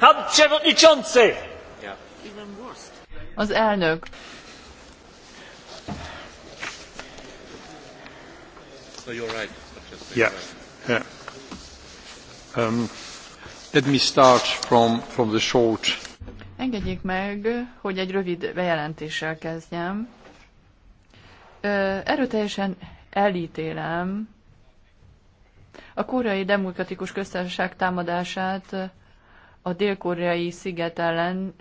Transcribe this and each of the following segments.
Pan przewodniczący! Az elnök. So you're right. Yeah. yeah. Um, let me start from, from the short. Engedjék meg, hogy egy rövid bejelentéssel kezdjem. Erőteljesen elítélem a koreai demokratikus köztársaság támadását a dél-koreai sziget ellen,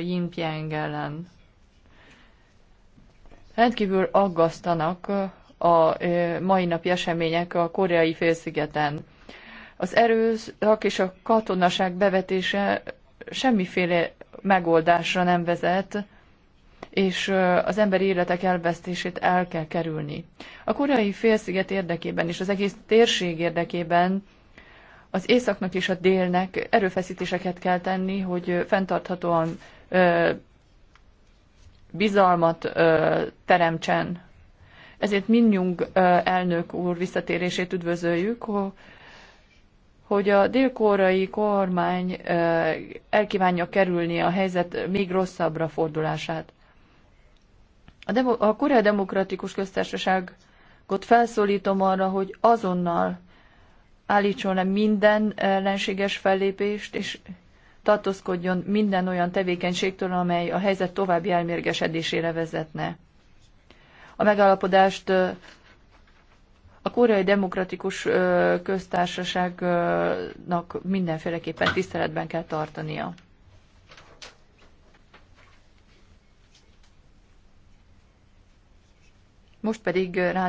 Yinpyang ellen. Rendkívül aggasztanak a mai napi események a koreai félszigeten. Az erőszak és a katonaság bevetése semmiféle megoldásra nem vezet, és az emberi életek elvesztését el kell kerülni. A koreai félsziget érdekében és az egész térség érdekében az északnak és a délnek erőfeszítéseket kell tenni, hogy fenntarthatóan bizalmat teremtsen. Ezért mindjunk elnök úr visszatérését üdvözöljük, hogy a dél-koreai kormány elkívánja kerülni a helyzet még rosszabbra fordulását. A, demo- a Korea Demokratikus Köztársaságot felszólítom arra, hogy azonnal állítson le minden ellenséges fellépést, és tartózkodjon minden olyan tevékenységtől, amely a helyzet további elmérgesedésére vezetne. A megállapodást a Koreai Demokratikus Köztársaságnak mindenféleképpen tiszteletben kell tartania. Most pedig rá